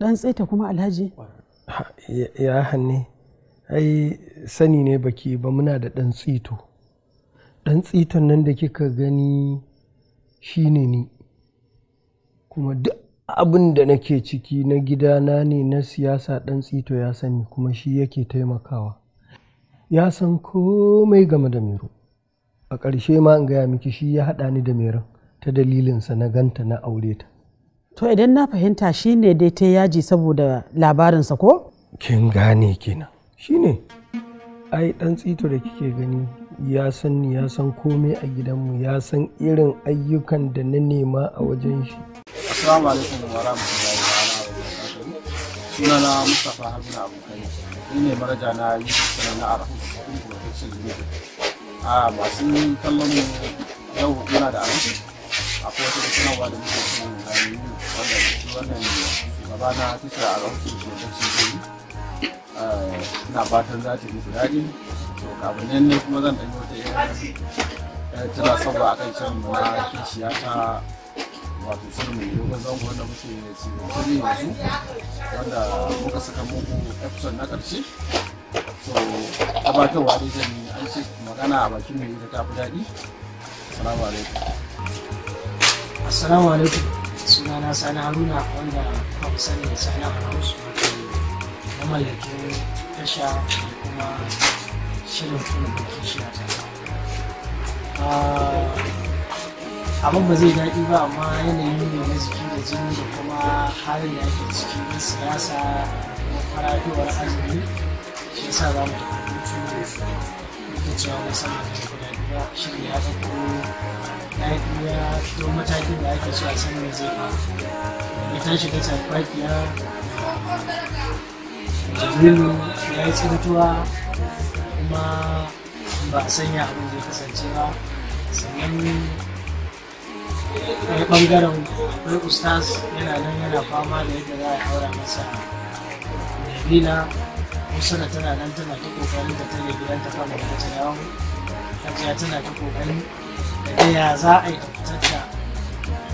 dan tsaita kuma alhaji ya hanne ai sani ne baki ba muna da dan tsito dan tsiton nan da kika gani shine ni kuma duk abin da nake ciki na gidana ne na siyasa dan tsito ya sani kuma shi yake taimakawa ya san komai game da miro a ƙarshe ma in gaya miki shi ya haɗa ni da miran ta dalilinsa na ganta na aure ta to idan na fahimta shine dai ta yaji saboda labarinsa ko kin gane kenan shine ai dan tsito da kike gani ya san ni ya san komai a gidanmu ya san irin ayyukan da na nema a wajen shi assalamu alaikum wa rahmatullahi suna na mustapha haruna abokai ni ne maraja na yi suna na arafu a ah, masu kallon mu yau yana da abinci akwai wata sanarwa da muke cikin rayu wanda wannan gaba na tuta a rahoton shugaban yi, ina fatan za ta yi musu daɗi to kafin nan ne kuma zan ɗanyi wata yanayi eh, tana saboda a kan can na kishiya ta wato shirin mai dogon zango wanda muke sirri yanzu wanda muka saka muku episode na ƙarshe so gabatarwa dai zan yi an ce magana a bakin mai ita ta fi daɗi salamu alaikum assalamu alaikum suna na sani haruna wanda ba sani da sani hausu na mallake tasha da kuma shirin kuma da shi a ah, abin ba zai daɗi ba amma yanayin ne na jiki da jini da kuma halin da ake ciki na siyasa da faradowar azumi shi yasa za mu tafi hutu da cewa musamman da biyu ya ya shigo matakin da ake so a san me zai fa ya tashi ta sarfafiya jibrilu ya yi tsintuwa kuma ba a sanya abin zai kasance ba sannan ɗaya bangaren akwai ustaz yana nan yana fama da yadda za a haura masa nabila musana tana nan tana ta kokarin da ta ne gidan ta kama da ta yawo hajiya tana ta kokarin da ya za a yi tabbatar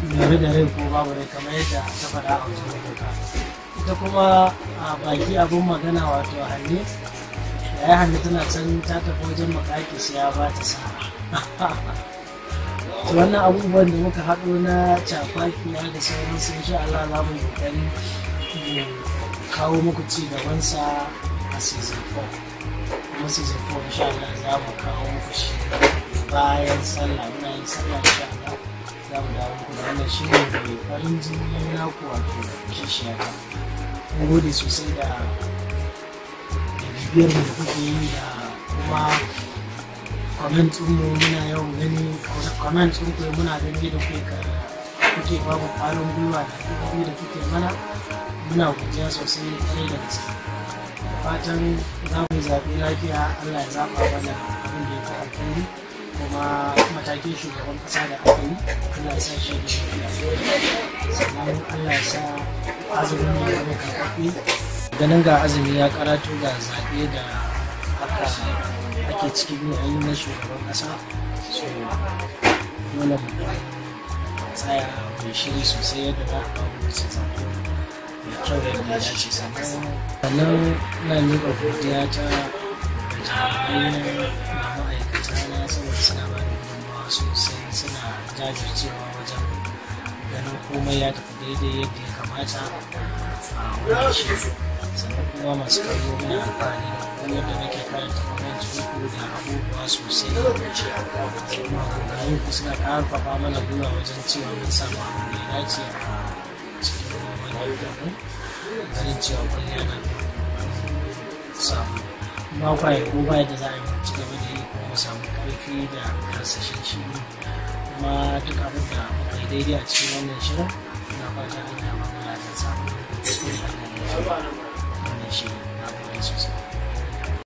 da gari da rai ko babu rai kamar yadda ta faɗa a wajen rubuta ita kuma a baki abin magana wato hannu da ya hannu tana can ta tafi wajen makaki sai ya ba ta sa'a wannan abubuwan da muka haɗo na cafafiya da sauran sun sha Allah za mu yi kawo muku ci gabansa a season 4 kuma season 4 insha Allah za mu kawo muku shi bayan sallah ina yin sallah sha za mu dawo kuma wannan shi ne mai farin jini na ku wato kishiyata mun gode sosai da bibiyar da kuke yi da kuma comment mu muna yawan gani comment ku muna gani da kuke kuke ba mu ƙwarin gwiwa da kuma da kuke mana muna gudiya sosai kwarai da gaske fatan za mu zaɓi lafiya allah ya zaɓa mana abin da ya fi alheri kuma matakin shugaban kasa da aka yi sa shi da shi sannan Allah sa azumin ya zama karfafi ganin ga azumi ya karatu ga zaɓe da aka ake cikin yayin na shugaban kasa so dole mu tsaya mai shiri sosai yadda za a kawo su mai kyau yadda ya ce sannan na miƙa godiya ta jami'ai cewa wajen ganin komai ya tafi daidai yadda ya kamata a wani shi sannan kuma masu kallo muna amfani da koyar da nake karanta gwamnati uku da abubuwa sosai wuce kuma kokarin ku suna karfafa mana gwiwa wajen cewa mun samu abin da ya dace a cikin wannan gudun ganin cewa kullum yana samu ba kwa yi ko ba da za a yi ci da yi kuma samu karfi da karsashen shi kuma duk abin da muka yi daidai a cikin wannan shirin na fata an yi amfani da sa wannan shi ne na sosai